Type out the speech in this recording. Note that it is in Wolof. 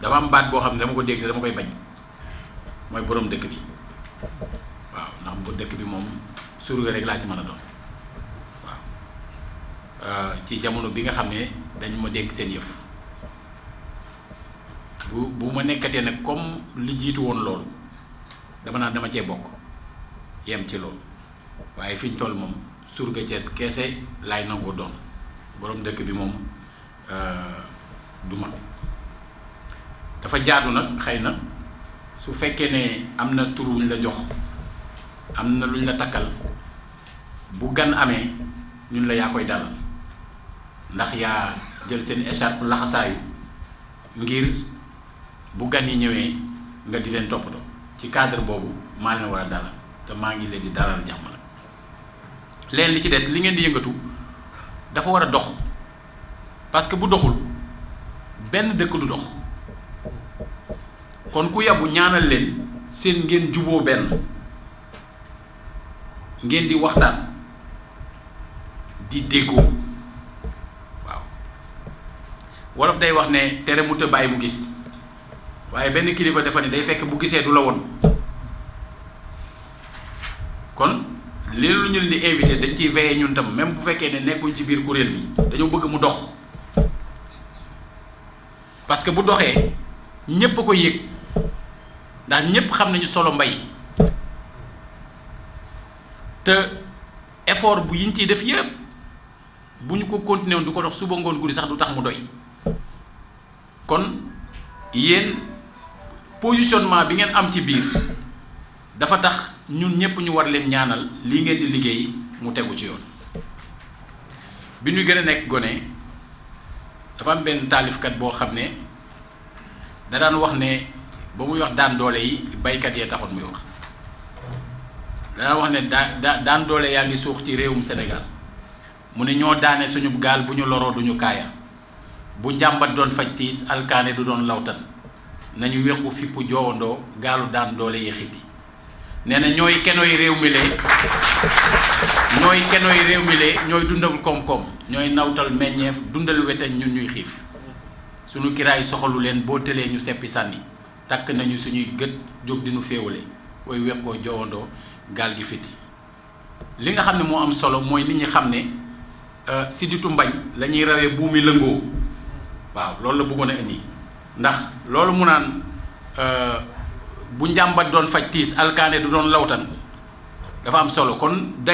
dama am baat boo xam ne dama ko dégg dama koy bañ mooy boroom dëkk bi waaw ndax bu dëkk bi moom surga rek laa ci mën a doon waaw euh, ci jamono bi nga xam ne dañ ma dégg seen yëf bu bu ma nekkatee nag comme li jiitu woon loolu dama naan dama cee bokk yem ci loolu waaye fi toll moom surga Cees keese laay nangu doon boroom dëkk bi moom euh, du man dafa jaadu nag xëy na su fekkee ne am na tur wuñ la jox am na luñ la takkal bu gan amee ñun la yaa koy dalal ndax yaa jël seen écharpe laxasaayu ngir bu gan yi ñëwee nga di leen toppatoo ci cadre boobu maa leen war a dalal te maa ngi leen di dalal jàmm nag leen li ci des li ngeen di yëngatu dafa war a dox parce que bu doxul benn dëkk du dox. kon ku yabu ñaanal leen seen ngeen juboo benn ngeen di waxtaan di déggoo waaw wolof day wax ne tere mu të mu gis waaye benn kilifa dafa ne day fekk bu gisee du la woon kon léegi lu ñu di invité dañ ciy veillé ñun tam même bu fekkee ne nekkuñ ci biir kuréel bi dañoo bëgg mu dox parce que bu doxee ñépp a ko yëg. ndax ñépp xam nañu solo mbay te effort bu yiñ ciy def yépp bu ñu ko continué woon du ko dox suba ngoon guddi sax du tax mu doy kon yéen positionnement bi ngeen am ci biir dafa tax ñun ñépp ñu war leen ñaanal lii ngeen di liggéey mu tegu ci yoon bi ñu gën a nekk gone dafa am benn taalifkat boo xam ne da daan wax ne ba muy wax daan doole yi baykat yee taxoon muy wax dana wax ne daa daan doole yaa ngi suux ci réewum Sénégal mu ne ñoo daane suñu gaal bu ñu loroo duñu kaaya bu njàmbat doon faj tiis alkaane du doon lawtan nañu wéqu fippu joowandoo gaalu daan doole yi xiti nee na ñooy kenoy réew mi lee ñooy réew mi ñooy dundal koom-koom ñooy nawtal meññeef dundal weteñ ñun ñuy xiif suñu kiraay soxalu leen boo tëlee ñu seppi sànni takk nañu suñuy gët jóg dinu féewale ooy wekkoo jowandoo gaal gi fiti li nga xam ne moo am solo mooy nit ñi xam ne euh, sidditu mbañ la ñuy rawee buumi lëngoo waaw loolu la bëggoon a indi ndax loolu mu naan euh, bu njàmbat doon faj tiis alkaane du doon lawtan dafa am solo kon